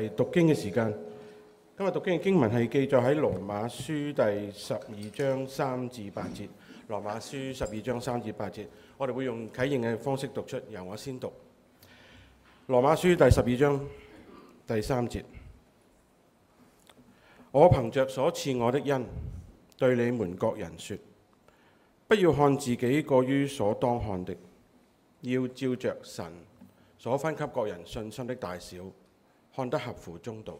係讀經嘅時間。今日讀經嘅經文係記載喺《羅馬書》第十二章三至八節，《羅馬書》十二章三至八節，我哋會用啟應嘅方式讀出，由我先讀《羅馬書》第十二章第三節：我憑着所賜我的恩，對你們各人說，不要看自己過於所當看的，要照着神所分給各人信心的大小。看得合乎中道。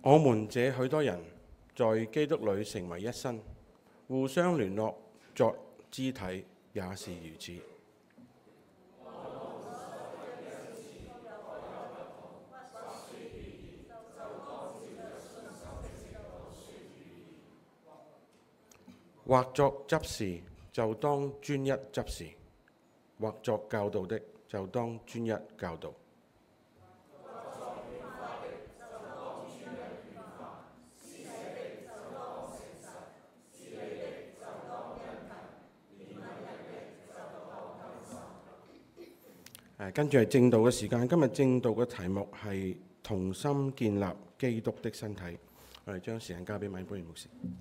我們這許多人在基督裏成為一身，互相聯絡，作肢體，也是如此。或作執事就當專一執事，或作教導的就當專一教導。啊，跟住係正道嘅時間，今日正道嘅題目係同心建立基督的身體。我哋將時間交俾馬恩波爾牧師。嗯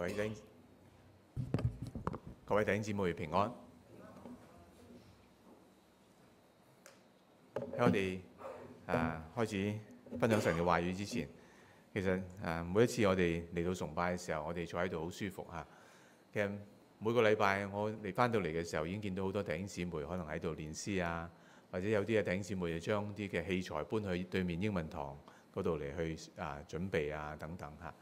各位弟兄、各位弟兄姊妹平安。喺我哋啊開始分享神嘅話語之前，其實啊每一次我哋嚟到崇拜嘅時候，我哋坐喺度好舒服嚇，啊。其實每個禮拜我嚟翻到嚟嘅時候，已經見到好多弟兄姊妹可能喺度練詩啊，或者有啲嘅弟兄姊妹就將啲嘅器材搬去對面英文堂嗰度嚟去啊準備啊等等嚇。啊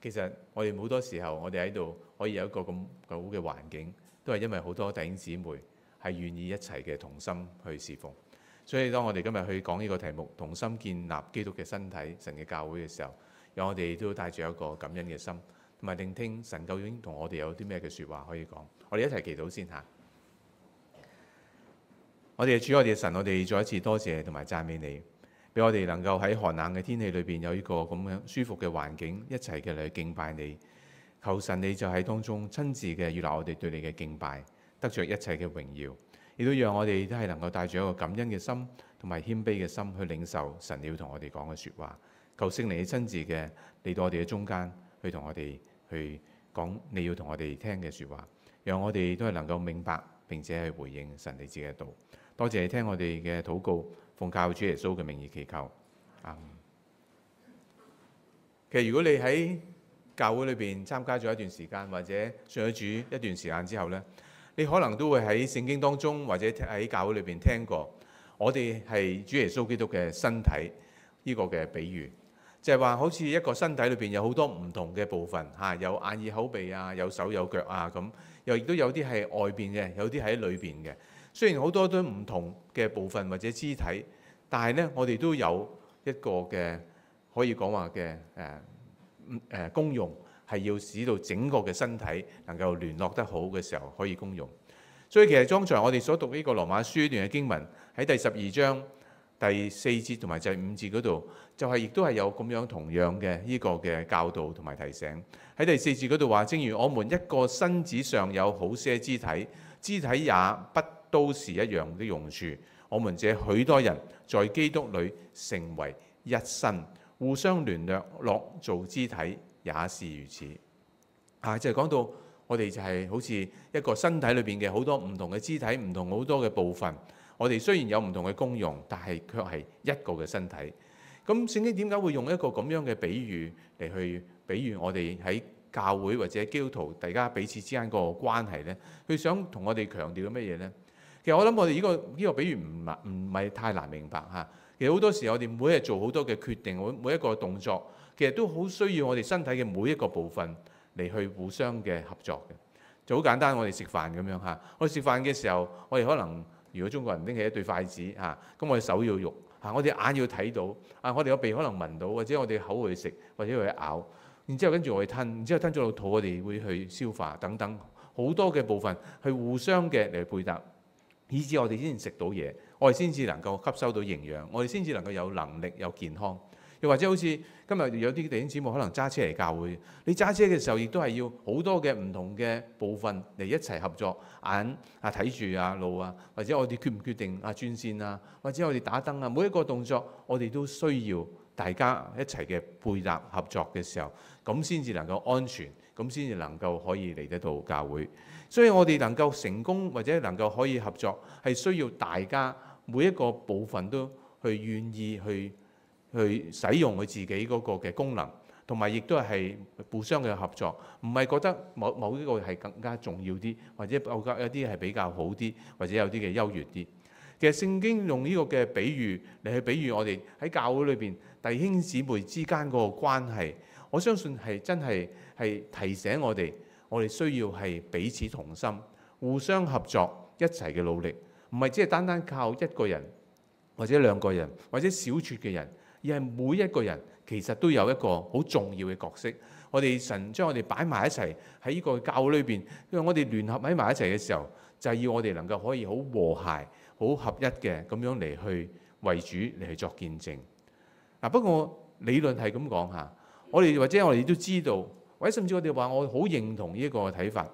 其實我哋好多時候，我哋喺度可以有一個咁好嘅環境，都係因為好多弟兄姊妹係願意一齊嘅同心去侍奉。所以當我哋今日去講呢個題目，同心建立基督嘅身體、神嘅教會嘅時候，讓我哋都帶住一個感恩嘅心，同埋聆聽神究竟同我哋有啲咩嘅說話可以講。我哋一齊祈禱先吓。我哋嘅主，我哋嘅神，我哋再一次多謝同埋讚美你。俾我哋能夠喺寒冷嘅天氣裏邊有一個咁樣舒服嘅環境，一齊嘅嚟敬拜你。求神你就喺當中親自嘅預留我哋對你嘅敬拜，得着一切嘅榮耀。亦都讓我哋都係能夠帶住一個感恩嘅心同埋謙卑嘅心去領受神要同我哋講嘅説話。求聖靈你親自嘅嚟到我哋嘅中間，去同我哋去講你要同我哋聽嘅説話，讓我哋都係能夠明白並且去回應神你自己嘅道。多謝你聽我哋嘅禱告。奉教主耶穌嘅名義祈求。其實如果你喺教會裏邊參加咗一段時間，或者信咗主一段時間之後咧，你可能都會喺聖經當中，或者喺教會裏邊聽過。我哋係主耶穌基督嘅身體，呢個嘅比喻，就係話好似一個身體裏邊有好多唔同嘅部分嚇，啊，有眼耳口鼻啊，有手有腳啊，咁又亦都有啲係外邊嘅，有啲喺裏邊嘅。雖然好多都唔同嘅部分或者肢體，但係呢，我哋都有一個嘅可以講話嘅誒誒功用，係要使到整個嘅身體能夠聯絡得好嘅時候可以功用。所以其實剛才我哋所讀呢個羅馬書段嘅經文喺第十二章第四節同埋第五節嗰度，就係亦都係有咁樣同樣嘅呢個嘅教導同埋提醒。喺第四節嗰度話：正如我們一個身子上有好些肢體，肢體也不都是一樣的用處。我們這許多人在基督裏成為一身，互相聯絡，落做肢體，也是如此。啊，就係、是、講到我哋就係好似一個身體裏邊嘅好多唔同嘅肢體，唔同好多嘅部分。我哋雖然有唔同嘅功用，但係卻係一個嘅身體。咁聖經點解會用一個咁樣嘅比喻嚟去比喻我哋喺教會或者基督徒大家彼此之間個關係呢？佢想同我哋強調乜嘢呢？其實我諗，我哋呢個依個比喻唔係唔係太難明白嚇。其實好多時我哋每日做好多嘅決定，每每一個動作，其實都好需要我哋身體嘅每一個部分嚟去互相嘅合作嘅。就好簡單，我哋食飯咁樣嚇。我哋食飯嘅時候，我哋可能如果中國人拎起一對筷子嚇，咁我哋手要喐嚇，我哋眼要睇到啊，我哋個鼻可能聞到，或者我哋口去食或者去咬，然之後跟住我哋吞，然之後吞咗落肚，我哋會去消化等等好多嘅部分係互相嘅嚟配搭。以至我哋先食到嘢，我哋先至能夠吸收到營養，我哋先至能夠有能力有健康。又或者好似今日有啲弟兄姊妹，可能揸車嚟教會，你揸車嘅時候亦都係要好多嘅唔同嘅部分嚟一齊合作，眼啊，睇住啊路啊，或者我哋決唔決定啊轉線啊，或者我哋打燈啊，每一個動作我哋都需要大家一齊嘅配搭合作嘅時候，咁先至能夠安全。咁先至能夠可以嚟得到教會，所以我哋能夠成功或者能夠可以合作，係需要大家每一個部分都去願意去去使用佢自己嗰個嘅功能，同埋亦都係互相嘅合作，唔係覺得某某一個係更加重要啲，或者有啲係比較好啲，或者有啲嘅優越啲。其實聖經用呢個嘅比喻嚟去比喻我哋喺教會裏邊弟兄姊妹之間嗰個關係。我相信係真係係提醒我哋，我哋需要係彼此同心、互相合作、一齊嘅努力，唔係只係單單靠一個人或者兩個人或者少數嘅人，而係每一個人其實都有一個好重要嘅角色。我哋神將我哋擺埋一齊喺呢個教裏邊，因為我哋聯合喺埋一齊嘅時候，就係、是、要我哋能夠可以好和諧、好合一嘅咁樣嚟去為主嚟去作見證。嗱、啊、不過理論係咁講吓。我哋或者我哋都知道，或者甚至我哋話我好認同呢一個睇法，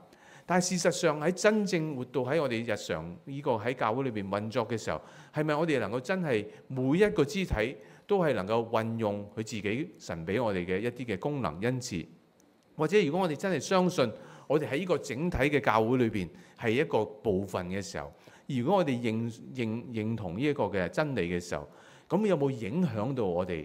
但係事實上喺真正活到喺我哋日常呢個喺教會裏邊運作嘅時候，係咪我哋能夠真係每一個肢體都係能夠運用佢自己神俾我哋嘅一啲嘅功能？因此，或者如果我哋真係相信我哋喺呢個整體嘅教會裏邊係一個部分嘅時候，如果我哋認認認同呢一個嘅真理嘅時候，咁有冇影響到我哋？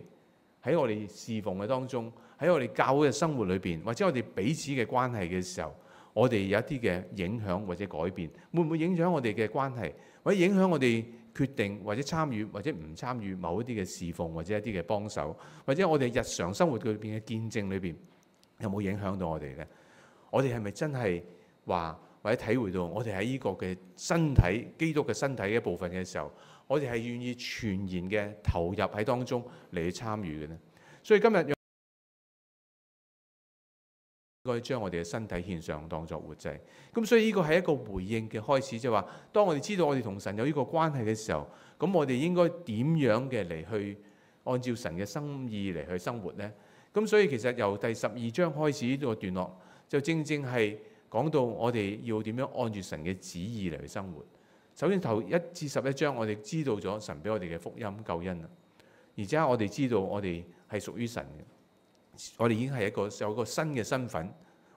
喺我哋侍奉嘅當中，喺我哋教嘅生活裏邊，或者我哋彼此嘅關係嘅時候，我哋有一啲嘅影響或者改變，會唔會影響我哋嘅關係，或者影響我哋決定或者參與或者唔參與某一啲嘅侍奉或者一啲嘅幫手，或者我哋日常生活裏邊嘅見證裏邊有冇影響到我哋咧？我哋係咪真係話或者體會到我哋喺呢個嘅身體基督嘅身體一一部分嘅時候？我哋係願意全然嘅投入喺當中嚟去參與嘅呢。所以今日應該將我哋嘅身體獻上當作活祭。咁所以呢個係一個回應嘅開始，即係話，當我哋知道我哋同神有呢個關係嘅時候，咁我哋應該點樣嘅嚟去按照神嘅心意嚟去生活呢？咁所以其實由第十二章開始呢個段落，就正正係講到我哋要點樣按住神嘅旨意嚟去生活。首先，頭一至十一章，我哋知道咗神俾我哋嘅福音救恩啦，而且，我哋知道我哋係屬於神嘅，我哋已經係一個有個新嘅身份，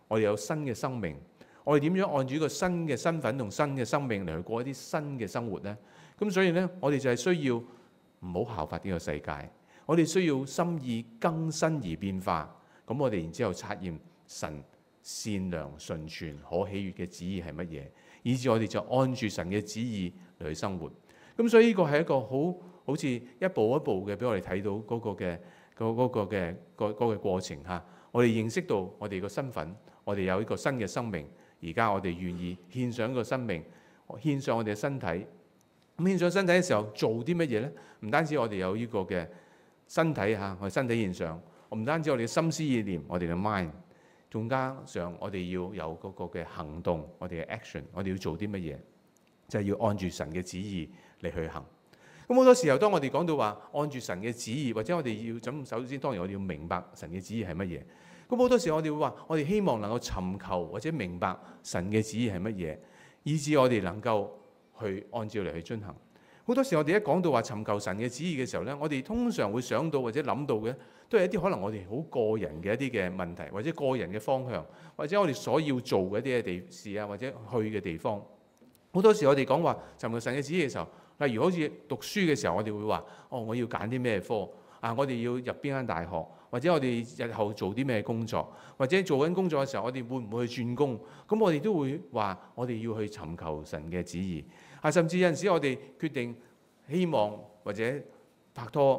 我哋有新嘅生命。我哋點樣按住一個新嘅身份同新嘅生命嚟去過一啲新嘅生活呢？咁所以呢，我哋就係需要唔好效法呢個世界，我哋需要心意更新而變化。咁我哋然之後察驗神，善良、純全、可喜悅嘅旨意係乜嘢？以致我哋就按住神嘅旨意嚟生活。咁所以呢個係一個好好似一步一步嘅，俾我哋睇到嗰個嘅嗰嘅嗰嗰過程嚇。reci 我哋認識到我哋個身份，主持人主持人我哋有呢個新嘅生命。而家 Sure. 我哋願意獻上個生命，獻上我哋嘅身體。咁獻上身體嘅時候做啲乜嘢呢？唔單止我哋有呢個嘅身體嚇，我哋身體獻上。我唔單止我哋嘅心思意念，我哋嘅 mind。更加上，我哋要有嗰個嘅行動，我哋嘅 action，我哋要做啲乜嘢？就係、是、要按住神嘅旨意嚟去行。咁好多時候，當我哋講到話按住神嘅旨意，或者我哋要怎，首先，當然我哋要明白神嘅旨意係乜嘢。咁好多時候我，我哋會話我哋希望能夠尋求或者明白神嘅旨意係乜嘢，以致我哋能夠去按照嚟去遵行。好多時我哋一講到話尋求神嘅旨意嘅時候呢，我哋通常會想到或者諗到嘅，都係一啲可能我哋好個人嘅一啲嘅問題，或者個人嘅方向，或者我哋所要做嘅一啲嘅地事啊，或者去嘅地方。好多時我哋講話尋求神嘅旨意嘅時候，例如好似讀書嘅時候，我哋會話：哦，我要揀啲咩科啊？我哋要入邊間大學，或者我哋日後做啲咩工作，或者做緊工作嘅時候，我哋會唔會去轉工？咁我哋都會話：我哋要去尋求神嘅旨意。係，甚至有陣時我哋決定希望或者拍拖、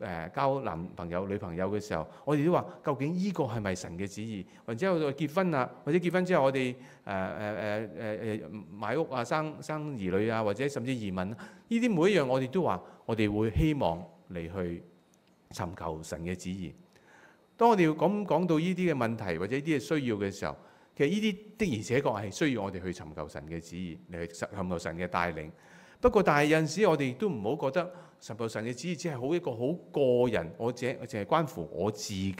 誒、呃、交男朋友、女朋友嘅時候，我哋都話：究竟呢個係咪神嘅旨意？或者我結婚啊，或者結婚之後我哋誒誒誒誒誒買屋啊、生生兒女啊，或者甚至移民，呢啲每一樣我哋都話：我哋會希望嚟去尋求神嘅旨意。當我哋要咁講到呢啲嘅問題或者呢啲嘅需要嘅時候，其實呢啲的而且確係需要我哋去尋求神嘅旨意，嚟去尋求神嘅帶領。不過，但係有陣時我哋都唔好覺得尋求神嘅旨意，只係好一個好個人，我只淨係關乎我自己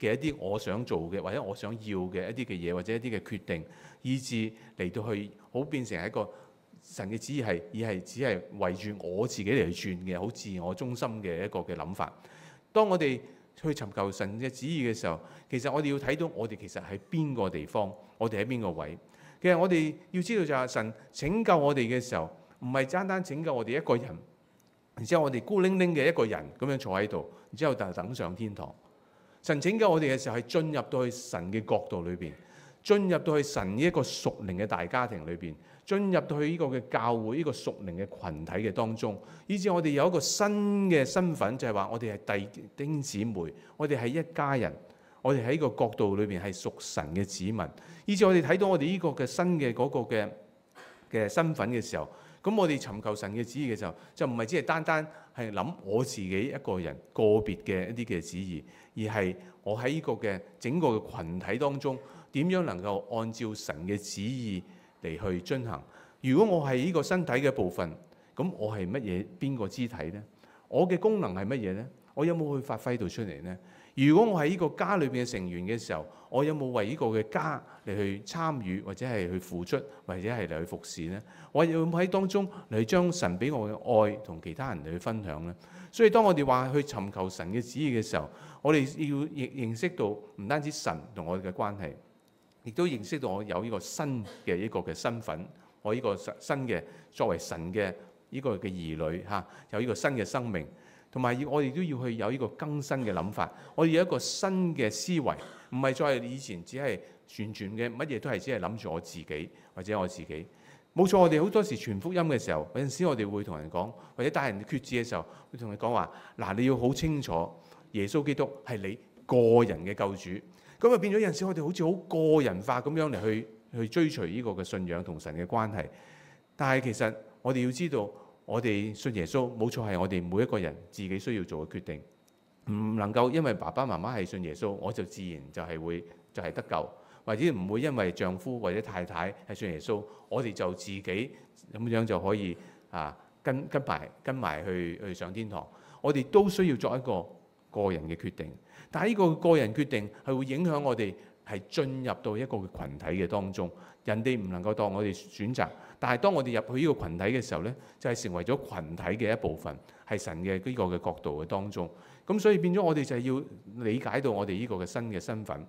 嘅一啲我想做嘅，或者我想要嘅一啲嘅嘢，或者一啲嘅決定，以至嚟到去好變成一個神嘅旨意係，而係只係圍住我自己嚟去轉嘅，好自我中心嘅一個嘅諗法。當我哋去尋求神嘅旨意嘅時候，其實我哋要睇到我哋其實喺邊個地方，我哋喺邊個位。其實我哋要知道就係神拯救我哋嘅時候，唔係單單拯救我哋一個人，然之後我哋孤零零嘅一個人咁樣坐喺度，然之後就等上天堂。神拯救我哋嘅時候係進入到去神嘅角度裏邊，進入到去神呢一個屬靈嘅大家庭裏邊。進入到去呢個嘅教會、呢個屬靈嘅群體嘅當中，以至我哋有一個新嘅身份，就係話我哋係弟兄姊妹，我哋係一家人，我哋喺個角度裏邊係屬神嘅子民。以至我哋睇到我哋呢個嘅新嘅嗰個嘅嘅身份嘅時候，咁我哋尋求神嘅旨意嘅時候，就唔係只係單單係諗我自己一個人個別嘅一啲嘅旨意，而係我喺呢個嘅整個嘅群體當中，點樣能夠按照神嘅旨意嚟去進行。如果我係呢個身體嘅部分，咁我係乜嘢？邊個肢體呢？我嘅功能係乜嘢呢？我有冇去發揮到出嚟呢？如果我係呢個家裏邊嘅成員嘅時候，我有冇為呢個嘅家嚟去參與或者係去付出或者係嚟去服侍呢？我有冇喺當中嚟將神俾我嘅愛同其他人嚟去分享呢？所以當我哋話去尋求神嘅旨意嘅時候，我哋要認識到唔單止神同我哋嘅關係。亦都認識到我有呢個新嘅一個嘅身份，我呢個新嘅作為神嘅呢個嘅兒女嚇，有呢個新嘅生命，同埋要我哋都要去有呢個更新嘅諗法，我哋有一個新嘅思維，唔係再以前只係旋轉嘅，乜嘢都係只係諗住我自己或者我自己。冇錯，我哋好多時傳福音嘅時候，有陣時我哋會同人講，或者帶人決志嘅時候，會同佢講話：嗱，你要好清楚，耶穌基督係你個人嘅救主。咁啊，變咗有陣時，我哋好似好個人化咁樣嚟去去追隨呢個嘅信仰同神嘅關係。但係其實我哋要知道，我哋信耶穌冇錯，係我哋每一個人自己需要做嘅決定，唔能夠因為爸爸媽媽係信耶穌，我就自然就係會就係得救，或者唔會因為丈夫或者太太係信耶穌，我哋就自己咁樣就可以啊跟跟埋跟埋去去上天堂。我哋都需要作一個個人嘅決定。但係呢個個人決定係會影響我哋係進入到一個嘅羣體嘅當中，人哋唔能夠當我哋選擇，但係當我哋入去呢個群體嘅時候，呢就係、是、成為咗群體嘅一部分，係神嘅呢個嘅角度嘅當中。咁所以變咗我哋就係要理解到我哋呢個嘅新嘅身份，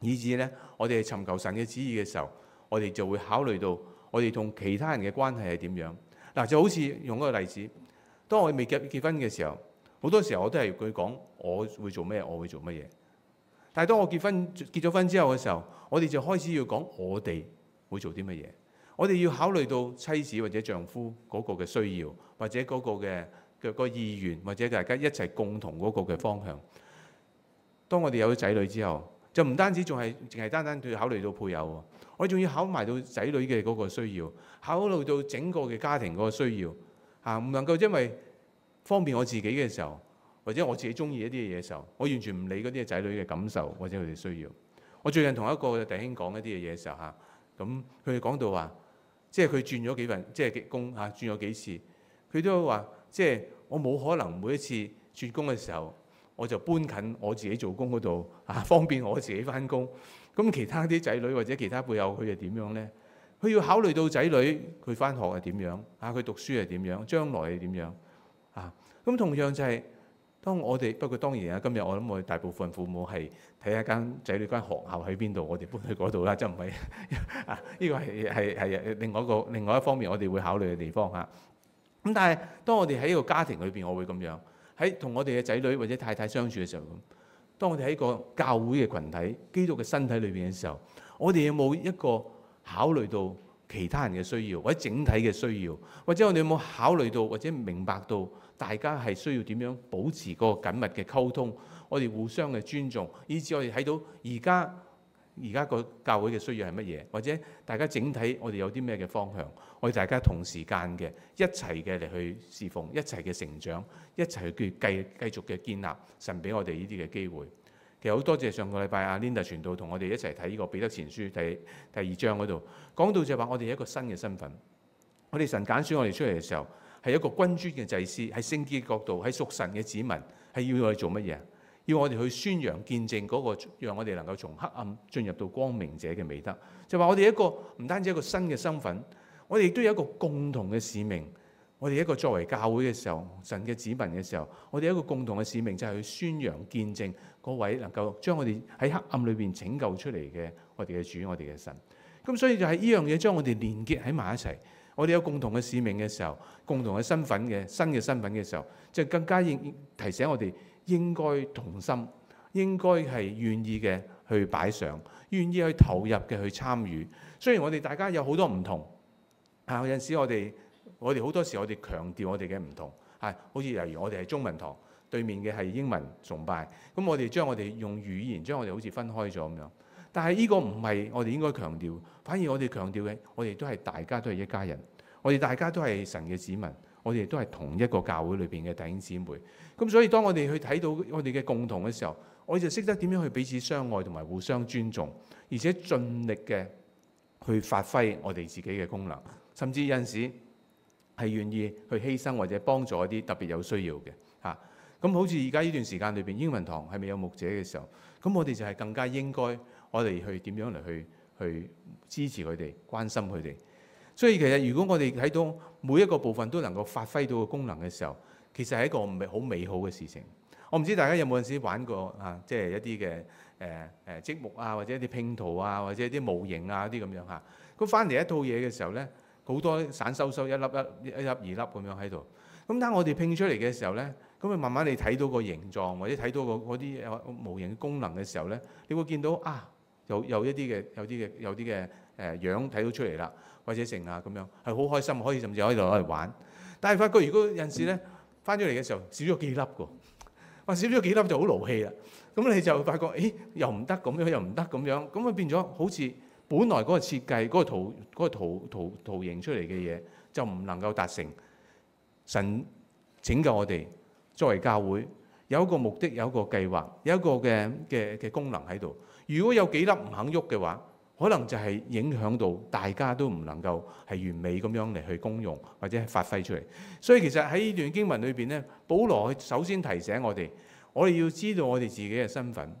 以至呢我哋尋求神嘅旨意嘅時候，我哋就會考慮到我哋同其他人嘅關係係點樣。嗱、啊、就好似用嗰個例子，當我哋未結結婚嘅時候。好多時候我都係佢講，我會做咩，我會做乜嘢。但係當我結婚結咗婚之後嘅時候，我哋就開始要講我哋會做啲乜嘢。我哋要考慮到妻子或者丈夫嗰個嘅需要，或者嗰個嘅、個意願，或者大家一齊共同嗰個嘅方向。當我哋有咗仔女之後，就唔單止仲係淨係單單要考慮到配偶喎，我仲要考埋到仔女嘅嗰個需要，考慮到整個嘅家庭嗰個需要嚇，唔能夠因為，方便我自己嘅時候，或者我自己中意一啲嘅嘢時候，我完全唔理嗰啲仔女嘅感受或者佢哋需要。我最近同一個弟兄講一啲嘅嘢時候嚇，咁佢哋講到話，即係佢轉咗幾份，即係工嚇、啊、轉咗幾次，佢都話即係我冇可能每一次轉工嘅時候，我就搬近我自己做工嗰度嚇，方便我自己返工。咁、啊、其他啲仔女或者其他配偶，佢係點樣咧？佢要考慮到仔女佢返學係點樣嚇，佢、啊、讀書係點樣，將來係點樣？咁、啊、同樣就係、是、當我哋不過當然啊，今日我諗我大部分父母係睇一間仔女間學校喺邊度，我哋搬去嗰度啦，即係唔係？啊，呢、這個係係係另外一個另外一方面，我哋會考慮嘅地方吓。咁、啊、但係當我哋喺一個家庭裏邊，我會咁樣喺同我哋嘅仔女或者太太相處嘅時候咁。當我哋喺一個教會嘅群體、基督嘅身體裏邊嘅時候，我哋有冇一個考慮到其他人嘅需要，或者整體嘅需要，或者我哋有冇考慮到或者明白到？大家係需要點樣保持嗰個緊密嘅溝通？我哋互相嘅尊重，以至我哋睇到而家而家個教會嘅需要係乜嘢？或者大家整體我哋有啲咩嘅方向？我哋大家同時間嘅一齊嘅嚟去侍奉，一齊嘅成長，一齊去跟繼繼續嘅建立，神俾我哋呢啲嘅機會。其實好多謝上個禮拜阿 Linda 傳道同我哋一齊睇呢個彼得前書第第二章嗰度，講到就係話我哋一個新嘅身份。我哋神揀選我哋出嚟嘅時候，係一個君尊嘅祭司，係聖潔嘅角度，係屬神嘅子民，係要我哋做乜嘢？要我哋去宣揚、見證嗰、那個，讓我哋能夠從黑暗進入到光明者嘅美德。就話我哋一個唔單止一個新嘅身份，我哋亦都有一個共同嘅使命。我哋一個作為教會嘅時候，神嘅子民嘅時候，我哋一個共同嘅使命就係、是、去宣揚、見證嗰位能夠將我哋喺黑暗裏邊拯救出嚟嘅我哋嘅主、我哋嘅神。咁所以就係呢樣嘢將我哋連結喺埋一齊。我哋有共同嘅使命嘅時候，共同嘅身份嘅新嘅身份嘅時候，就更加應提醒我哋應該同心，應該係願意嘅去擺上，願意去投入嘅去參與。雖然我哋大家有好多唔同，啊有陣時我哋我哋好多時我哋強調我哋嘅唔同，係，啊，好似例如我哋係中文堂對面嘅係英文崇拜，咁我哋將我哋用語言將我哋好似分開咗咁樣。但係呢個唔係我哋應該強調，反而我哋強調嘅，我哋都係大家都係一家人，我哋大家都係神嘅子民，我哋都係同一個教會裏邊嘅弟兄姊妹。咁所以當我哋去睇到我哋嘅共同嘅時候，我哋就識得點樣去彼此相愛同埋互相尊重，而且盡力嘅去發揮我哋自己嘅功能，甚至有陣時係願意去犧牲或者幫助一啲特別有需要嘅。咁好似而家呢段時間裏邊英文堂係咪有牧者嘅時候？咁我哋就係更加應該我哋去點樣嚟去去支持佢哋、關心佢哋。所以其實如果我哋睇到每一個部分都能夠發揮到個功能嘅時候，其實係一個唔係好美好嘅事情。我唔知大家有冇陣時玩過啊，即係一啲嘅誒誒積木啊，或者一啲拼圖啊，或者一啲模型啊啲咁樣嚇。咁翻嚟一套嘢嘅時候咧，好多散收收一粒一一粒二粒，咁樣喺度。咁等我哋拼出嚟嘅時候咧～咁啊，慢慢你睇到個形狀，或者睇到個嗰啲有模型功能嘅時候咧，你會見到啊，有有一啲嘅、有啲嘅、有啲嘅誒樣睇到出嚟啦，或者成啊咁樣，係好開心，可以甚至可以攞嚟玩。但係發覺如果有陣時咧翻咗嚟嘅時候少咗幾粒㗎，哇，少咗幾粒就好勞氣啦。咁你就發覺，咦，又唔得咁樣，又唔得咁樣，咁啊變咗好似本來嗰個設計、嗰個圖、嗰個圖圖圖形出嚟嘅嘢就唔能夠達成。神拯救我哋。作為教會有一個目的，有一個計劃，有一個嘅嘅嘅功能喺度。如果有幾粒唔肯喐嘅話，可能就係影響到大家都唔能夠係完美咁樣嚟去功用或者發揮出嚟。所以其實喺呢段經文裏邊咧，保羅首先提醒我哋，我哋要知道我哋自己嘅身份，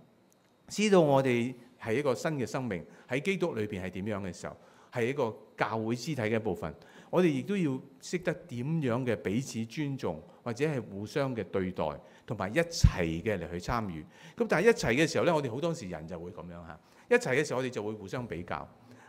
知道我哋係一個新嘅生命喺基督裏邊係點樣嘅時候。係一個教會肢體嘅一部分，我哋亦都要識得點樣嘅彼此尊重，或者係互相嘅對待，同埋一齊嘅嚟去參與。咁但係一齊嘅時候呢，我哋好多時人就會咁樣嚇。一齊嘅時候，我哋就會互相比較。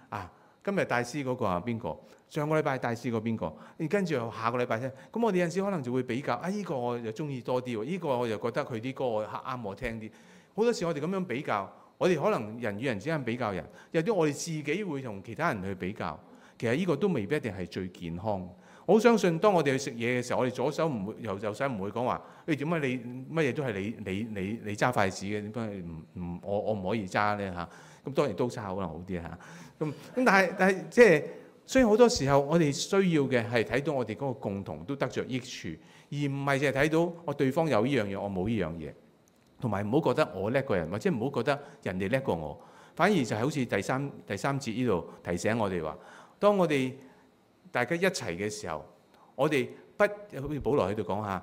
啊，今日大師嗰個係邊個？上個禮拜大師嗰邊個？跟住下個禮拜啫。咁我哋有時可能就會比較啊，呢個我就中意多啲喎，呢個我就覺得佢啲歌我啱我聽啲。好多時我哋咁樣比較。我哋可能人與人之間比較人，有啲我哋自己會同其他人去比較，其實呢個都未必一定係最健康。我相信當我哋去食嘢嘅時候，我哋左手唔會又右手唔會講話，誒點解你乜嘢都係你你你你揸筷子嘅，點解唔唔我我唔可以揸咧嚇？咁、啊、當然刀叉可能好啲嚇，咁、啊、咁但係但係即係雖然好多時候我哋需要嘅係睇到我哋嗰個共同都得着益處，而唔係淨係睇到我對方有呢樣嘢，我冇呢樣嘢。同埋唔好覺得我叻過人，或者唔好覺得人哋叻過我，反而就係好似第三第三節呢度提醒我哋話：當我哋大家一齊嘅時候，我哋不好似保羅喺度講吓，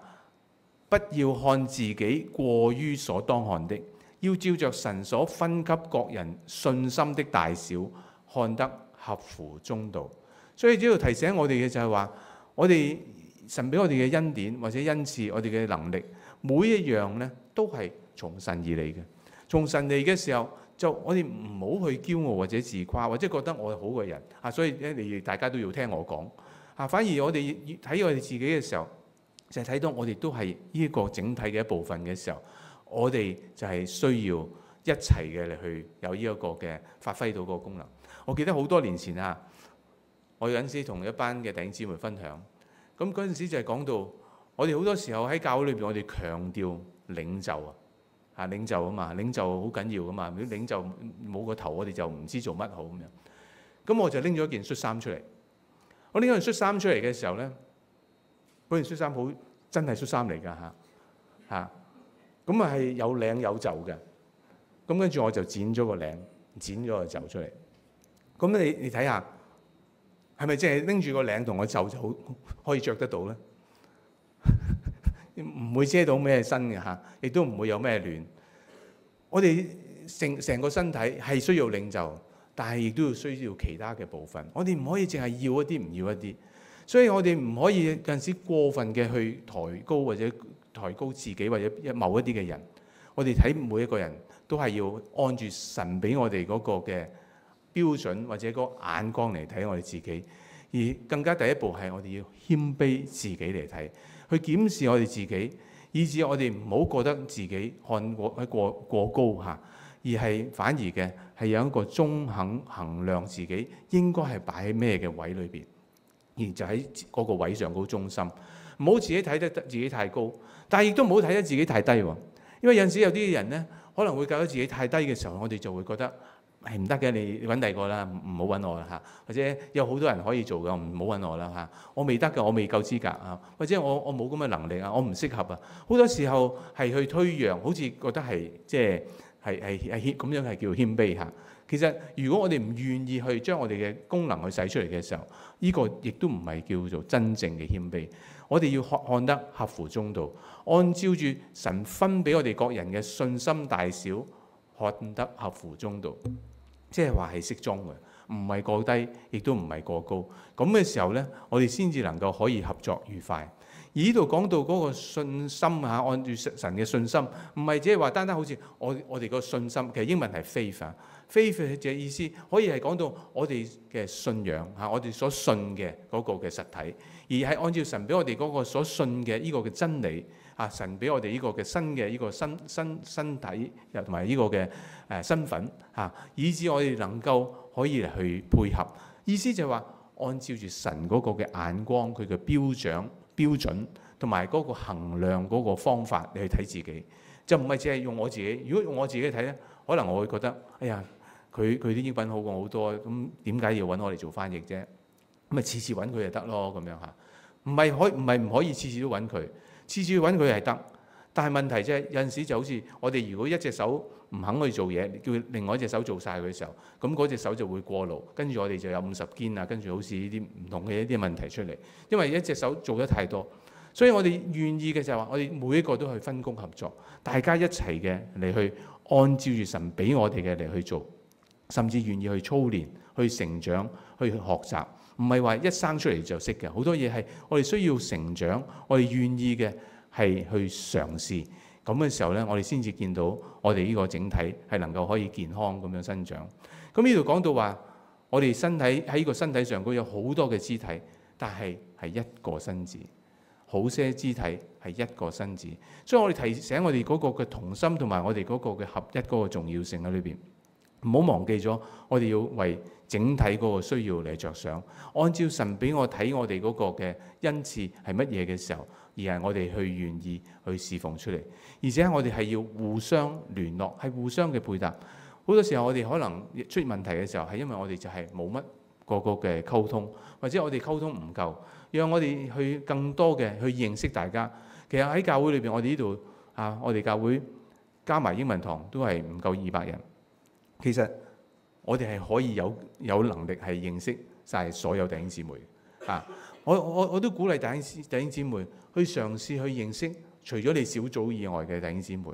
不要看自己過於所當看的，要照着神所分給各人信心的大小看得合乎中道。所以主要提醒我哋嘅就係話，我哋神俾我哋嘅恩典或者恩賜，我哋嘅能力每一樣呢都係。從神而嚟嘅，從神嚟嘅時候，就我哋唔好去驕傲或者自誇，或者覺得我係好嘅人啊。所以咧，你大家都要聽我講啊。反而我哋睇我哋自己嘅時候，就係睇到我哋都係呢一個整體嘅一部分嘅時候，我哋就係需要一齊嘅嚟去有呢一個嘅發揮到個功能。我記得好多年前啊，我有陣時同一班嘅弟兄姊妹分享咁，嗰陣時就係講到我哋好多時候喺教會裏邊，我哋強調領袖啊。嚇、啊、領袖啊嘛，領袖好緊要噶嘛，如果領袖冇個頭，我哋就唔知做乜好咁樣。咁我就拎咗一件恤衫出嚟。我拎咗件恤衫出嚟嘅時候咧，嗰件恤衫好真係恤衫嚟㗎嚇嚇。咁啊係、啊、有領有袖嘅。咁跟住我就剪咗個領，剪咗個袖出嚟。咁你你睇下，係咪淨係拎住個領同個袖就好可以着得到咧？唔會遮到咩身嘅嚇，亦都唔會有咩亂。我哋成成個身體係需要領袖，但係亦都要需要其他嘅部分。我哋唔可以淨係要一啲唔要一啲，所以我哋唔可以有陣時過分嘅去抬高或者抬高自己或者某一啲嘅人。我哋睇每一個人都係要按住神俾我哋嗰個嘅標準或者個眼光嚟睇我哋自己，而更加第一步係我哋要謙卑自己嚟睇。去檢視我哋自己，以至我哋唔好覺得自己看過過過高吓，而係反而嘅係有一個中肯衡量自己應該係擺喺咩嘅位裏邊，而就喺嗰個位上高中心，唔好自己睇得自己太高，但係亦都唔好睇得自己太低喎，因為有時有啲人呢可能會覺得自己太低嘅時候，我哋就會覺得。係唔得嘅，你你揾第二個啦，唔好揾我啦嚇。或者有好多人可以做嘅，唔好揾我啦嚇，啊。我未得嘅，我未夠資格啊。或者我我冇咁嘅能力啊，我唔適合啊。好多時候係去推讓，好似覺得係即係係係咁樣係叫謙卑嚇。其實如果我哋唔願意去將我哋嘅功能去使出嚟嘅時候，呢個亦都唔係叫做真正嘅謙卑。我哋要學看得合乎中道，按照住神分俾我哋各人嘅信心大小，看得合乎中道。即係話係適中嘅，唔係過低，亦都唔係過高。咁嘅時候呢，我哋先至能夠可以合作愉快。而呢度講到嗰個信心嚇，按照神嘅信心，唔係只係話單單好似我我哋個信心。其實英文係非法，非法 h 意思可以係講到我哋嘅信仰嚇，我哋所信嘅嗰個嘅實體，而係按照神俾我哋嗰個所信嘅呢個嘅真理。啊！神俾我哋呢個嘅新嘅呢、這個新新身，身體，又同埋呢個嘅誒、呃、身份嚇、啊，以至我哋能夠可以去配合。意思就係話，按照住神嗰個嘅眼光、佢嘅標，標準、標準同埋嗰個衡量嗰個方法，你去睇自己，就唔係淨係用我自己。如果用我自己去睇咧，可能我會覺得哎呀，佢佢啲英文好過好多，咁點解要揾我嚟做翻譯啫？咁咪次次揾佢就得咯，咁樣嚇，唔係，可唔係唔可以次次都揾佢？次次去揾佢係得，但係問題就係有陣時就好似我哋如果一隻手唔肯去做嘢，叫另外一隻手做晒佢嘅時候，咁嗰隻手就會過勞，跟住我哋就有五十肩啊，跟住好似呢啲唔同嘅一啲問題出嚟，因為一隻手做得太多，所以我哋願意嘅就係話，我哋每一個都去分工合作，大家一齊嘅嚟去按照住神俾我哋嘅嚟去做，甚至願意去操練、去成長、去學習。唔係話一生出嚟就識嘅，好多嘢係我哋需要成長，我哋願意嘅係去嘗試。咁嘅時候呢，我哋先至見到我哋呢個整體係能夠可以健康咁樣生長。咁呢度講到話，我哋身體喺呢個身體上高有好多嘅肢體，但係係一個身子。好些肢體係一個身子，所以我哋提醒我哋嗰個嘅同心同埋我哋嗰個嘅合一嗰個重要性喺裏邊。唔好忘記咗，我哋要為整體嗰個需要嚟着想。按照神俾我睇我哋嗰個嘅恩賜係乜嘢嘅時候，而係我哋去願意去侍奉出嚟。而且我哋係要互相聯絡，係互相嘅配搭。好多時候我哋可能出問題嘅時候，係因為我哋就係冇乜個個嘅溝通，或者我哋溝通唔夠，讓我哋去更多嘅去認識大家。其實喺教會裏邊，我哋呢度啊，我哋教會加埋英文堂都係唔夠二百人。其實我哋係可以有有能力係認識晒所有弟兄姊妹嘅啊！我我我都鼓勵弟兄弟兄姊妹去嘗試去認識除咗你小組以外嘅弟兄姊妹，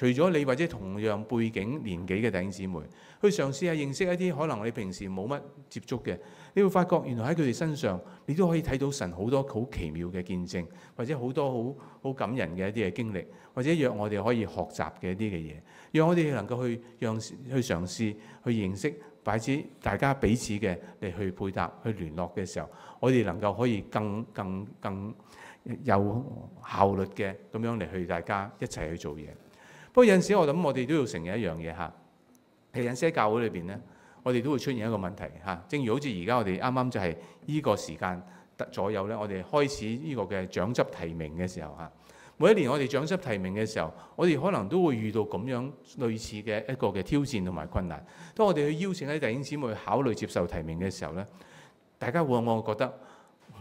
除咗你或者同樣背景年紀嘅弟兄姊妹，去嘗試下認識一啲可能你平時冇乜接觸嘅，你會發覺原來喺佢哋身上你都可以睇到神好多好奇妙嘅見證，或者好多好好感人嘅一啲嘅經歷，或者約我哋可以學習嘅一啲嘅嘢，讓我哋能夠去讓去嘗試去認識彼此，擺大家彼此嘅嚟去配搭去聯絡嘅時候，我哋能夠可以更更更有效率嘅咁樣嚟去大家一齊去做嘢。嗰陣時我我，我諗我哋都要承認一樣嘢嚇。係有些教會裏邊咧，我哋都會出現一個問題嚇。正如好似而家我哋啱啱就係呢個時間得左右咧，我哋開始呢個嘅長執提名嘅時候嚇。每一年我哋長執提名嘅時候，我哋可能都會遇到咁樣類似嘅一個嘅挑戰同埋困難。當我哋去邀請啲弟兄姊妹去考慮接受提名嘅時候咧，大家會唔會覺得？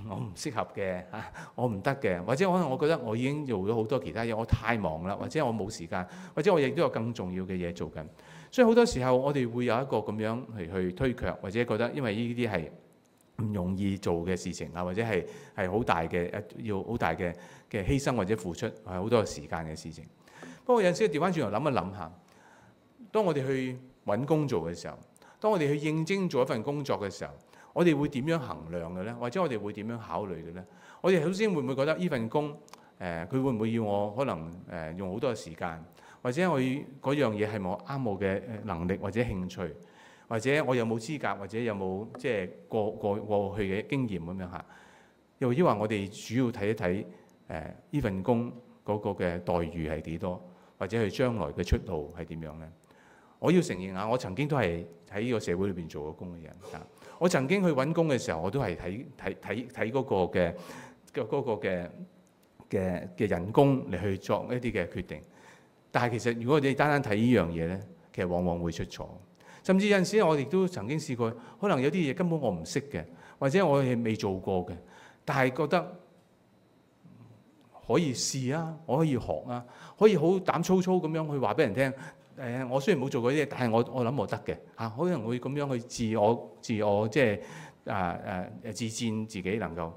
我唔適合嘅，吓我唔得嘅，或者可能我覺得我已經做咗好多其他嘢，我太忙啦，或者我冇時間，或者我亦都有更重要嘅嘢做緊。所以好多時候我哋會有一個咁樣嚟去推卻，或者覺得因為呢啲係唔容易做嘅事情啊，或者係係好大嘅一要好大嘅嘅犧牲或者付出係好多時間嘅事情。不過有陣時調翻轉頭諗一諗下，當我哋去揾工做嘅時候，當我哋去應徵做一份工作嘅時候。我哋會點樣衡量嘅咧？或者我哋會點樣考慮嘅咧？我哋首先會唔會覺得呢份工，誒佢、呃、會唔會要我可能誒、呃、用好多嘅時間，或者我嗰樣嘢係我啱我嘅能力或者興趣，或者我有冇資格或者有冇即係過過過去嘅經驗咁樣嚇？又抑或我哋主要睇一睇誒呢份工嗰個嘅待遇係幾多，或者佢將、呃、來嘅出路係點樣咧？我要承認下，我曾經都係喺呢個社會裏邊做過工嘅人啊。我曾經去揾工嘅時候，我都係睇睇睇睇嗰個嘅嗰個嘅嘅嘅人工嚟去作一啲嘅決定。但係其實如果你單單睇呢樣嘢咧，其實往往會出錯。甚至有陣時，我哋都曾經試過，可能有啲嘢根本我唔識嘅，或者我係未做過嘅。但係覺得可以試啊，我可以學啊，可以好膽粗粗咁樣去話俾人聽。誒、呃，我雖然冇做過啲嘢，但係我我諗我得嘅嚇，可能會咁樣去自我自我即係啊啊自薦自己能夠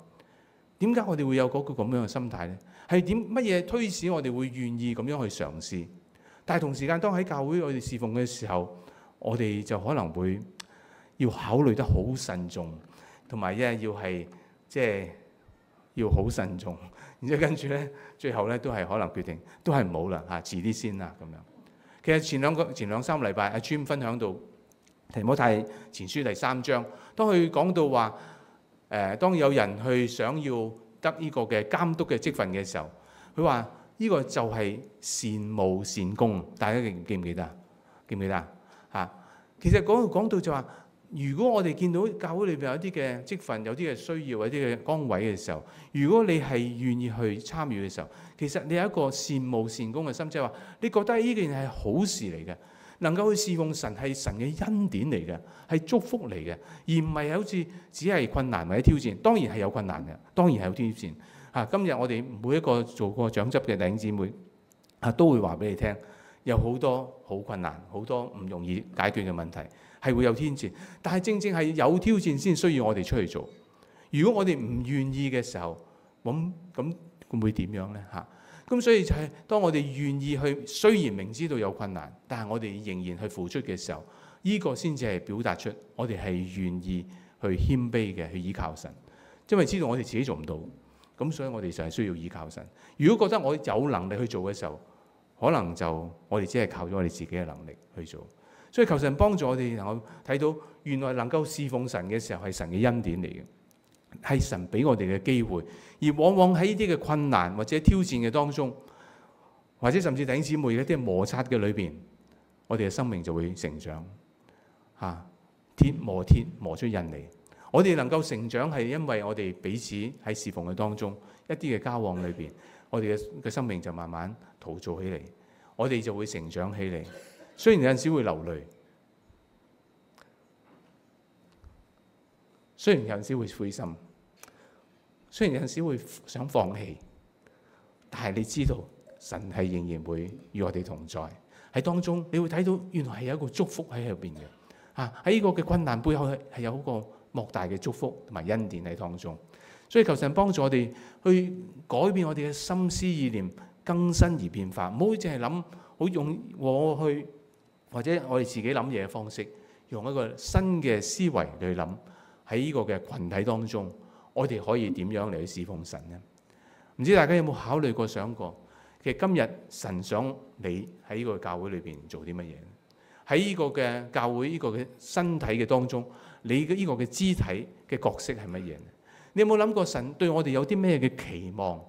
點解我哋會有嗰、那個咁樣嘅心態咧？係點乜嘢推使我哋會願意咁樣去嘗試？但係同時間當喺教會我哋侍奉嘅時候，我哋就可能會要考慮得好慎重，同埋一係要係即係要好慎重，然之後跟住咧，最後咧都係可能決定都係唔好啦嚇，遲、啊、啲先啦咁樣。其實前兩個前兩三個禮拜，阿 Jim 分享到，提摩太前書第三章，當佢講到話，誒當有人去想要得呢個嘅監督嘅職分嘅時候，佢話呢個就係善務、善功，大家記唔記唔記得啊？記唔記得啊？嚇，其實講講到就話。如果我哋見到教會裏邊有啲嘅職份、有啲嘅需要、有啲嘅崗位嘅時候，如果你係願意去參與嘅時候，其實你有一個羨慕善工嘅心，即係話你覺得呢件係好事嚟嘅，能夠去侍奉神係神嘅恩典嚟嘅，係祝福嚟嘅，而唔係好似只係困難或者挑戰。當然係有困難嘅，當然係有挑戰。嚇，今日我哋每一個做過長執嘅弟兄姊妹嚇都會話俾你聽。有好多好困難，好多唔容易解決嘅問題，係會有挑戰。但係正正係有挑戰先需要我哋出去做。如果我哋唔願意嘅時候，咁咁會唔會點樣呢？嚇！咁所以就係當我哋願意去，雖然明知道有困難，但係我哋仍然去付出嘅時候，呢個先至係表達出我哋係願意去謙卑嘅，去依靠神。因為知道我哋自己做唔到，咁所以我哋就係需要依靠神。如果覺得我有能力去做嘅時候，可能就我哋只係靠咗我哋自己嘅能力去做，所以求神幫助我哋，能夠睇到原來能夠侍奉神嘅時候係神嘅恩典嚟嘅，係神俾我哋嘅機會。而往往喺呢啲嘅困難或者挑戰嘅當中，或者甚至弟兄姊妹一啲摩擦嘅裏邊，我哋嘅生命就會成長。嚇，鐵磨鐵磨出刃嚟，我哋能夠成長，係因為我哋彼此喺侍奉嘅當中一啲嘅交往裏邊，我哋嘅嘅生命就慢慢。陶造起嚟，我哋就會成長起嚟。雖然有陣時會流淚，雖然有陣時會灰心，雖然有陣時會想放棄，但係你知道神係仍然會與我哋同在，喺當中你會睇到原來係有一個祝福喺入邊嘅啊！喺呢個嘅困難背後係有一個莫大嘅祝福同埋恩典喺當中。所以求神幫助我哋去改變我哋嘅心思意念。更新而變化，唔好淨係諗，好用我去或者我哋自己諗嘢嘅方式，用一個新嘅思維去諗喺呢個嘅群體當中，我哋可以點樣嚟去侍奉神呢？唔知大家有冇考慮過、想過？其實今日神想你喺呢個教會裏邊做啲乜嘢？喺呢個嘅教會、呢個嘅身體嘅當中，你嘅呢個嘅肢體嘅角色係乜嘢？你有冇諗過神對我哋有啲咩嘅期望？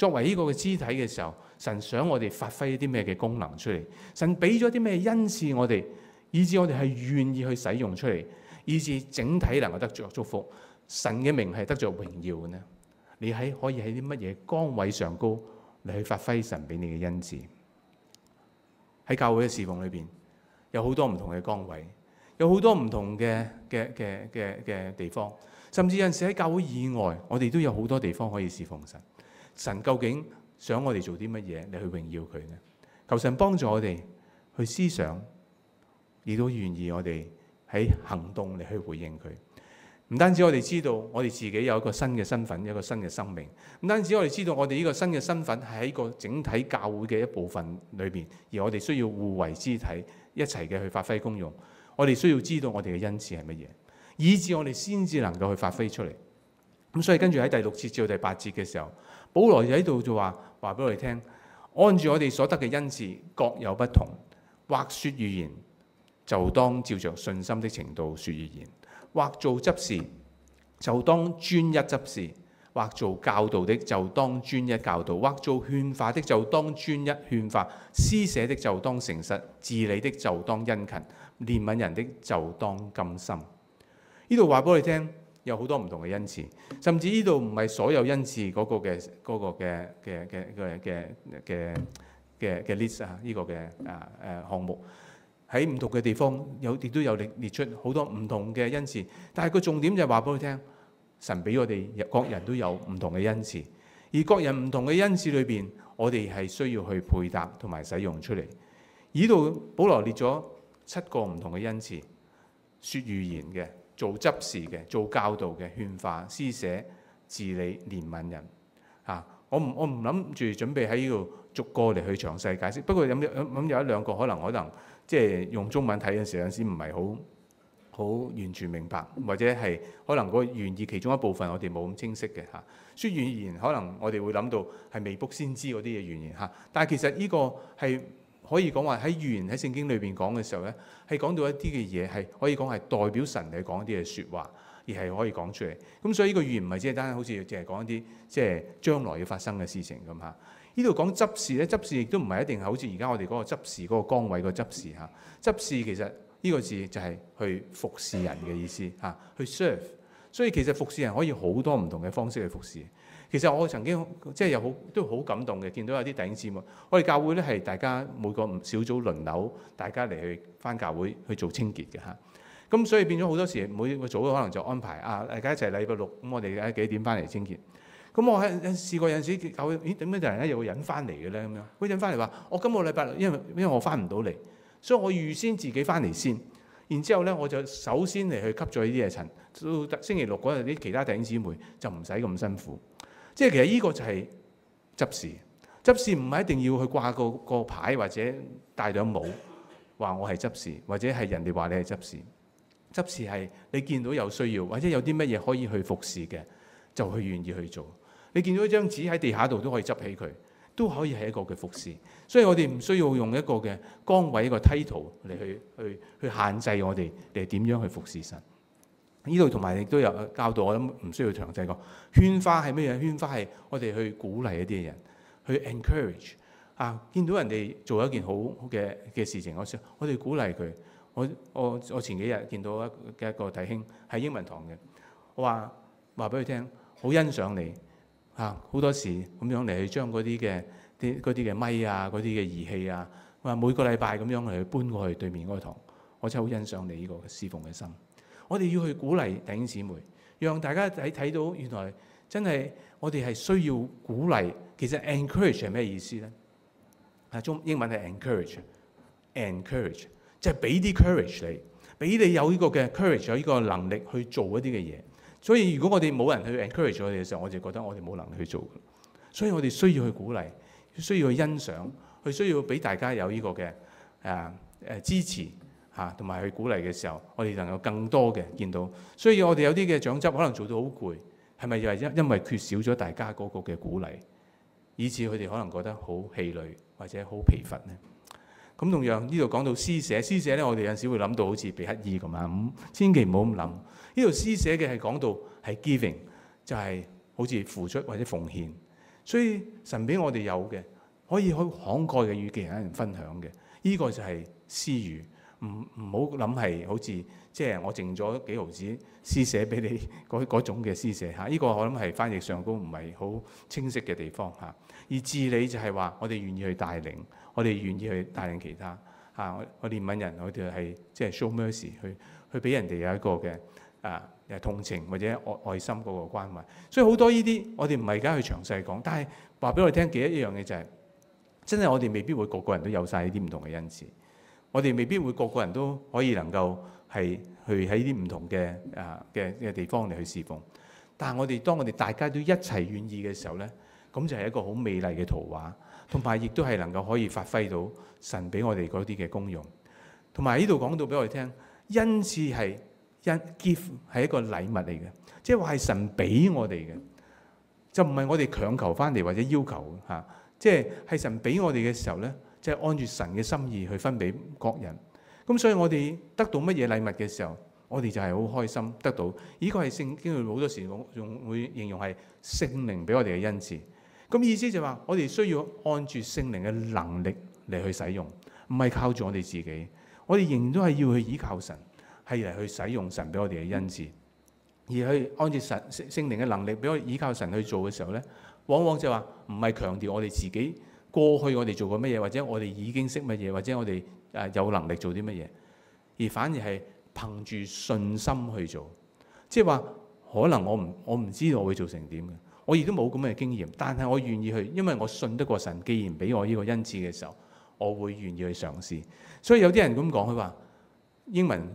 作為呢個嘅肢體嘅時候，神想我哋發揮一啲咩嘅功能出嚟？神俾咗啲咩恩賜我哋，以致我哋係願意去使用出嚟，以致整體能夠得着祝福，神嘅名係得著榮耀嘅呢？你喺可以喺啲乜嘢崗位上高，你去發揮神俾你嘅恩賜喺教會嘅侍奉裏邊，有好多唔同嘅崗位，有好多唔同嘅嘅嘅嘅嘅地方，甚至有陣時喺教會以外，我哋都有好多地方可以侍奉神。神究竟想我哋做啲乜嘢？你去榮耀佢呢？求神幫助我哋去思想，亦都願意我哋喺行動嚟去回應佢。唔單止我哋知道我哋自己有一個新嘅身份，一個新嘅生命；唔單止我哋知道我哋呢個新嘅身份係喺個整體教會嘅一部分裏邊，而我哋需要互為肢體一齊嘅去發揮功用。我哋需要知道我哋嘅恩賜係乜嘢，以致我哋先至能夠去發揮出嚟。咁所以跟住喺第六節至到第八節嘅時候，保羅就喺度就話話俾我哋聽，按住我哋所得嘅恩賜各有不同，或說語言就當照着信心的程度說語言，或做執事就當專一執事，或做教導的就當專一教導，或做勸化的就當專一勸化，施捨的就當誠實，治理的就當殷勤，憐憫人的就當甘心。呢度話俾我哋聽。有好多唔同嘅恩賜，甚至呢度唔係所有恩賜嗰個嘅嗰個嘅嘅嘅嘅嘅嘅嘅 list 啊！呢個嘅誒誒項目喺唔同嘅地方有亦都有列列出好多唔同嘅恩賜，但係個重點就係話俾你聽，神俾我哋各人都有唔同嘅恩賜，而各人唔同嘅恩賜裏邊我哋係需要去配搭同埋使用出嚟。呢度保羅列咗七個唔同嘅恩賜，說預言嘅，做執事嘅，做教導嘅，勸化、施捨、治理、憐憫人啊！我唔我唔諗住準備喺呢度逐個嚟去詳細解釋。不過諗諗有，有，有一兩個可能，可能即係用中文睇嘅時候有時唔係好好完全明白，或者係可能個原意其中一部分我哋冇咁清晰嘅嚇。雖然，然然可能我哋會諗到係未卜先知嗰啲嘅原意嚇，啊。但係其實呢個係。可以講話喺預言喺聖經裏邊講嘅時候咧，係講到一啲嘅嘢係可以講係代表神嚟講一啲嘅説話，而係可以講出嚟。咁所以呢個預言唔係即係單單好似淨係講一啲即係將來要發生嘅事情咁嚇。呢度講執事咧，執事亦都唔係一定係好似而家我哋嗰個執事嗰個崗位個執事嚇。執事其實呢個字就係去服侍人嘅意思嚇，去 serve。所以其實服侍人可以好多唔同嘅方式去服侍。其實我曾經即係又好都好感動嘅，見到有啲弟兄姊妹，我哋教會咧係大家每個唔小組輪流，大家嚟去翻教會去做清潔嘅嚇。咁所以變咗好多時每個組可能就安排啊，大家一齊禮拜六，咁我哋喺幾點翻嚟清潔。咁我喺試過有陣時教會，咦點解突然間有個人翻嚟嘅咧？咁樣，嗰個人翻嚟話：我今個禮拜六，因為因為我翻唔到嚟，所以我預先自己翻嚟先。然之後咧，我就首先嚟去吸咗呢啲嘢塵，到星期六嗰日啲其他弟兄姊妹就唔使咁辛苦。即係其實呢個就係執事，執事唔係一定要去掛個個牌或者戴兩帽，話我係執事，或者係人哋話你係執事。執事係你見到有需要，或者有啲乜嘢可以去服侍嘅，就去願意去做。你見到一張紙喺地下度都可以執起佢，都可以係一個嘅服侍。所以我哋唔需要用一個嘅崗位，一個 title 嚟去去去限制我哋嚟點樣去服侍神。呢度同埋亦都有教導，我諗唔需要詳細講。圈花係咩嘢？圈花係我哋去鼓勵一啲人去 encourage 啊！見到人哋做一件好好嘅嘅事情，我我哋鼓勵佢。我我我，我前幾日見到一嘅一個弟兄喺英文堂嘅，我話話俾佢聽，好欣賞你啊！好多時咁樣嚟去將嗰啲嘅啲嗰啲嘅咪啊，嗰啲嘅儀器啊，話每個禮拜咁樣嚟去搬過去對面嗰個堂，我真係好欣賞你呢個侍奉嘅心。我哋要去鼓勵弟兄姊妹，讓大家睇睇到原來真係我哋係需要鼓勵。其實 encourage 係咩意思咧？係中文英文係 encourage，encourage 即係俾啲 courage 你，俾你有呢個嘅 courage，有呢個能力去做一啲嘅嘢。所以如果我哋冇人去 encourage 我哋嘅時候，我就覺得我哋冇能力去做㗎。所以我哋需要去鼓勵，需要去欣賞，去需要俾大家有呢個嘅誒誒支持。啊，同埋去鼓勵嘅時候，我哋能夠更多嘅見到，所以我哋有啲嘅長執可能做到好攰，係咪又係因因為缺少咗大家嗰個嘅鼓勵，以致佢哋可能覺得好氣餒或者好疲乏呢？咁同樣，呢度講到施捨，施捨呢，我哋有陣時會諗到好似俾乞兒咁啊，咁千祈唔好咁諗。呢度施捨嘅係講到係 giving，就係好似付出或者奉獻，所以神俾我哋有嘅可以去慷慨嘅與其他人分享嘅，呢、這個就係施予。唔唔好諗係好似即係我剩咗幾毫紙施捨俾你嗰種嘅施捨嚇。呢、呢個我諗係翻譯上高唔係好清晰嘅地方嚇。而治理就係話我哋願意去帶領，我哋願意去帶領其他嚇。我我憐憫人，我哋係即係 show mercy 去去俾人哋有一個嘅啊同情或者愛愛心嗰個關懷。所以好多呢啲我哋唔係而家去詳細講，但係話俾我哋聽幾一樣嘢就係、是，真係我哋未必會個個人都有晒呢啲唔同嘅恩賜。我哋未必會個個人都可以能夠係去喺啲唔同嘅啊嘅嘅地方嚟去侍奉，但係我哋當我哋大家都一齊願意嘅時候咧，咁就係一個好美麗嘅圖畫，同埋亦都係能夠可以發揮到神俾我哋嗰啲嘅功用，同埋呢度講到俾我哋聽，恩賜係恩 gift 係一個禮物嚟嘅，即係話係神俾我哋嘅，就唔係我哋強求翻嚟或者要求嚇，啊，即係係神俾我哋嘅時候咧。即係按住神嘅心意去分俾各人，咁所以我哋得到乜嘢禮物嘅時候，我哋就係好開心得到。呢個係聖經裏面好多時我仲會形容係聖靈俾我哋嘅恩賜。咁意思就話，我哋需要按住聖靈嘅能力嚟去使用，唔係靠住我哋自己。我哋仍然都係要去依靠神，係嚟去使用神俾我哋嘅恩賜，嗯、而去按住神，聖靈嘅能力，俾我哋依靠神去做嘅時候咧，往往就話唔係強調我哋自己。過去我哋做過乜嘢，或者我哋已經識乜嘢，或者我哋誒有能力做啲乜嘢，而反而係憑住信心去做。即係話，可能我唔我唔知道我會做成點嘅，我亦都冇咁嘅經驗，但係我願意去，因為我信得過神。既然俾我呢個恩賜嘅時候，我會願意去嘗試。所以有啲人咁講，佢話英文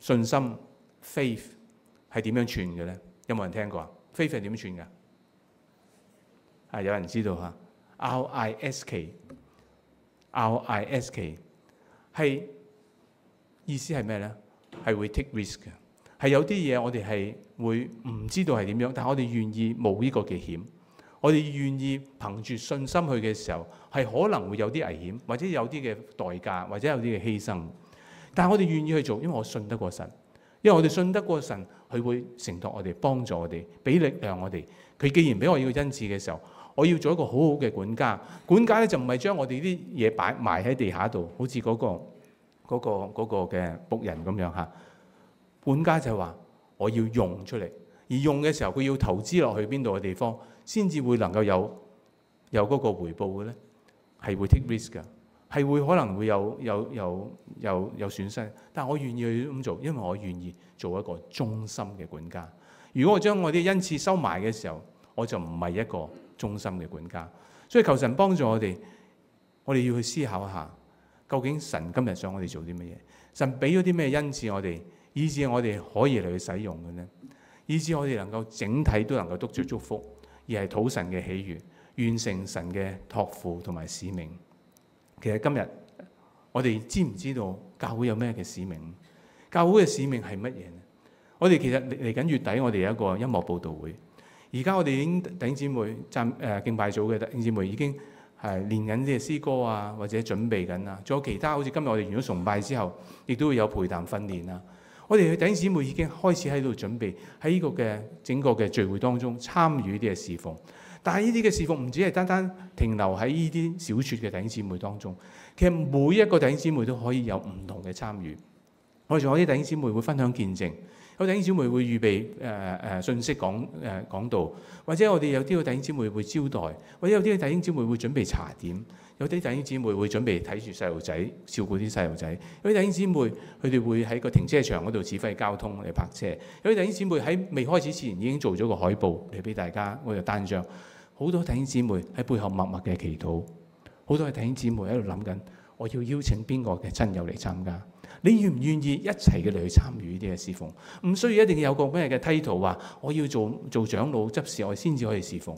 信心 faith 係點樣串嘅咧？有冇人聽過啊？faith 係點樣串㗎？係、啊、有人知道嚇？risk，risk 係意思係咩呢？係會 take risk 嘅，係有啲嘢我哋係會唔知道係點樣，但係我哋願意冒呢個嘅險，我哋願意憑住信心去嘅時候，係可能會有啲危險，或者有啲嘅代價，或者有啲嘅犧牲。但係我哋願意去做，因為我信得過神，因為我哋信得過神，佢會承托我哋，幫助我哋，俾力量我哋。佢既然俾我呢個恩賜嘅時候，我要做一個好好嘅管家，管家咧就唔係將我哋啲嘢擺埋喺地下度，好似嗰、嗰個嗰嘅僕人咁樣嚇。管家就係話我要用出嚟，而用嘅時候佢要投資落去邊度嘅地方，先至會能夠有有嗰個回報嘅咧，係會 take risk 㗎，係會可能會有有有有有損失，但我願意去咁做，因為我願意做一個忠心嘅管家。如果我將我啲恩賜收埋嘅時候，我就唔係一個。中心嘅管家，所以求神幫助我哋，我哋要去思考一下，究竟神今日想我哋做啲乜嘢？神俾咗啲咩恩賜我哋，以致我哋可以嚟去使用嘅咧，以致我哋能夠整體都能夠督住祝福，而係討神嘅喜悅，完成神嘅託付同埋使命。其實今日我哋知唔知道教會有咩嘅使命？教會嘅使命係乜嘢咧？我哋其實嚟緊月底，我哋有一個音樂報道會。而家我哋已經弟兄姊妹站誒敬拜組嘅弟兄姊妹已經係練緊啲嘅詩歌啊，或者準備緊啊。仲有其他好似今日我哋完咗崇拜之後，亦都會有培訓訓練啊。我哋嘅弟兄姊妹已經開始喺度準備喺呢個嘅整個嘅聚會當中參與啲嘅侍奉。但係呢啲嘅侍奉唔止係單單停留喺呢啲小撮嘅弟兄姊妹當中，其實每一個弟兄姊妹都可以有唔同嘅參與。我哋仲有啲弟兄姊妹會分享見證。有啲弟兄姊妹會預備誒誒、呃、信息講，誒講道，或者我哋有啲嘅弟兄姊妹會招待，或者有啲嘅弟兄姊妹會準備茶點，有啲弟兄姊妹會準備睇住細路仔，照顧啲細路仔，有啲弟兄姊妹佢哋會喺個停車場嗰度指揮交通嚟泊車，有啲弟兄姊妹喺未開始前已經做咗個海報嚟俾大家，我就單張，好多弟兄姊妹喺背後默默嘅祈禱，好多嘅弟兄姊妹喺度諗緊我要邀請邊個嘅親友嚟參加。你願唔願意一齊嘅嚟去參與呢啲嘅侍奉？唔需要一定有個咩嘅梯圖話，我要做做長老執事，我先至可以侍奉。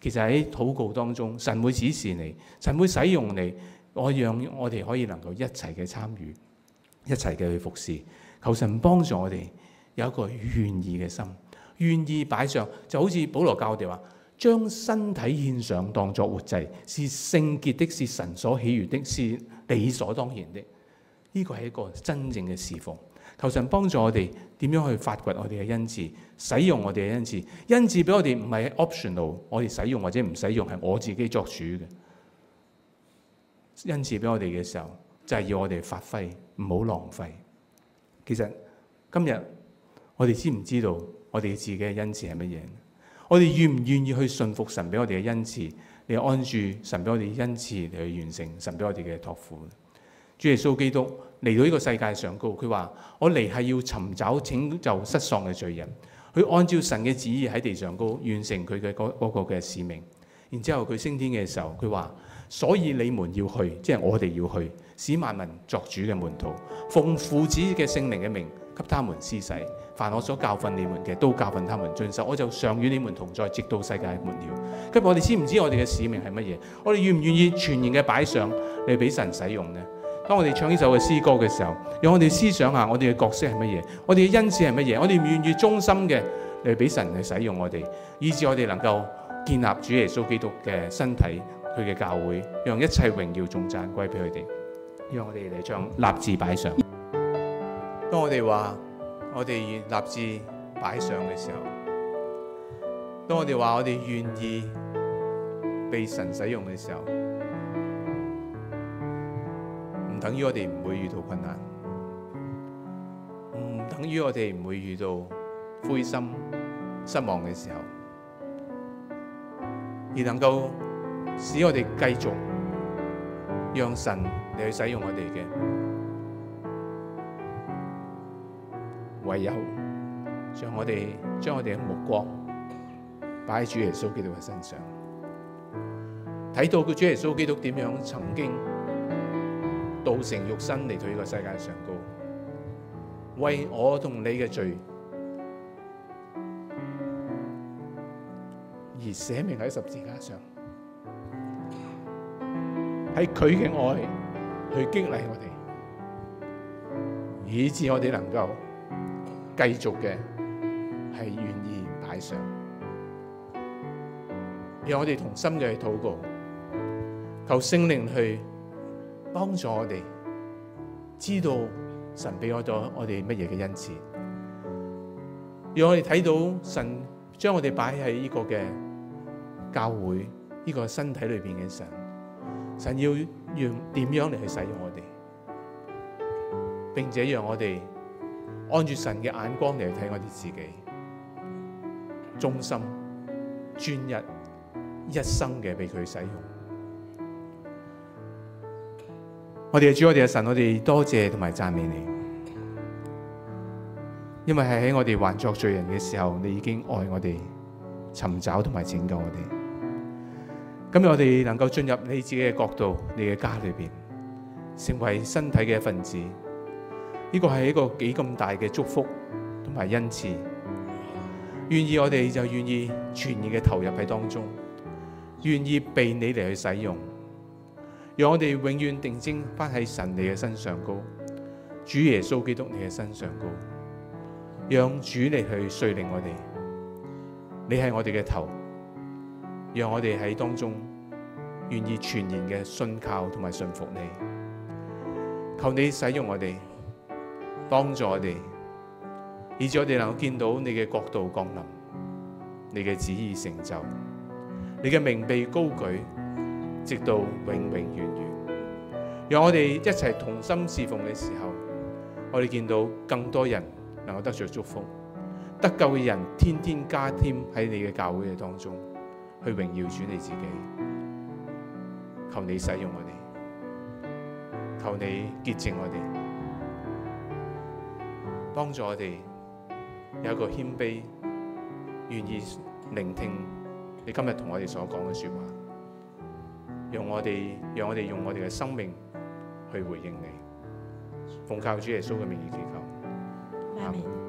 其實喺禱告當中，神會指示你，神會使用你，我讓我哋可以能夠一齊嘅參與，一齊嘅去服侍。求神幫助我哋有一個願意嘅心，願意擺上，就好似保羅教我哋話，將身體獻上當作活祭，是聖潔的，是神所喜悅的，是理所當然的。呢個係一個真正嘅侍奉，求神幫助我哋點樣去發掘我哋嘅恩賜，使用我哋嘅恩賜。恩賜俾我哋唔係喺 optional，我哋使用或者唔使用係我自己作主嘅。恩賜俾我哋嘅時候，就係要我哋發揮，唔好浪費。其實今日我哋知唔知道我哋自己嘅恩賜係乜嘢？我哋願唔願意去信服神俾我哋嘅恩賜，嚟安住神俾我哋嘅恩賜嚟去完成神俾我哋嘅托付？主耶穌基督嚟到呢個世界上高，佢話：我嚟係要尋找拯救失喪嘅罪人。佢按照神嘅旨意喺地上高完成佢嘅嗰個嘅使命。然之後佢升天嘅時候，佢話：所以你們要去，即係我哋要去，使萬民作主嘅門徒，奉父子嘅聖靈嘅名給他們施洗。凡我所教訓你們嘅，都教訓他們遵守。我就常與你們同在，直到世界末了。咁我哋知唔知我哋嘅使命係乜嘢？我哋願唔願意全然嘅擺上嚟俾神使用呢？當我哋唱呢首嘅詩歌嘅時候，讓我哋思想下我哋嘅角色係乜嘢，我哋嘅恩賜係乜嘢，我哋願唔願意忠心嘅嚟俾神去使用我哋，以致我哋能夠建立主耶穌基督嘅身體，佢嘅教會，讓一切榮耀、頌讚歸俾佢哋。讓我哋嚟唱立志擺上。當我哋話我哋願立志擺上嘅時候，當我哋話我哋願意被神使用嘅時候。唔等於我哋唔會遇到困難，唔等於我哋唔會遇到灰心失望嘅時候，而能夠使我哋繼續讓神嚟去使用我哋嘅，唯有將我哋將我哋嘅目光擺喺主耶穌基督嘅身上，睇到個主耶穌基督點樣曾經。道成肉身嚟到呢個世界上高，為我同你嘅罪而捨命喺十字架上，喺佢嘅愛去激勵我哋，以致我哋能夠繼續嘅係願意擺上，讓我哋同心嘅去禱告，求聖靈去。幫助我哋知道神俾我咗我哋乜嘢嘅恩賜，讓我哋睇到神將我哋擺喺呢個嘅教會呢個身體裏邊嘅神，神要讓點樣嚟去使用我哋，並且讓我哋按住神嘅眼光嚟睇我哋自己，忠心專一一生嘅俾佢使用。我哋嘅主，我哋嘅神，我哋多謝同埋讚美你，因為係喺我哋還作罪人嘅時候，你已經愛我哋，尋找同埋拯救我哋。今日我哋能夠進入你自己嘅角度，你嘅家裏邊，成為身體嘅一份子，呢個係一個幾咁大嘅祝福同埋恩賜。願意我哋就願意全意嘅投入喺當中，願意被你嚟去使用。讓我哋永遠定睛翻喺神你嘅身上高，主耶穌基督你嘅身上高，讓主你去率領我哋。你係我哋嘅頭，讓我哋喺當中願意全然嘅信靠同埋信服你。求你使用我哋，幫助我哋，以致我哋能夠見到你嘅國度降臨，你嘅旨意成就，你嘅名被高舉。直到永永遠遠，讓我哋一齊同心侍奉嘅時候，我哋見到更多人能夠得著祝福，得救嘅人天天加添喺你嘅教會嘅當中，去榮耀主你自己。求你使用我哋，求你潔淨我哋，幫助我哋有一個謙卑，願意聆聽你今日同我哋所講嘅說話。用我哋，用我哋，用我哋嘅生命去回應你，奉靠主耶穌嘅名義祈求，阿門。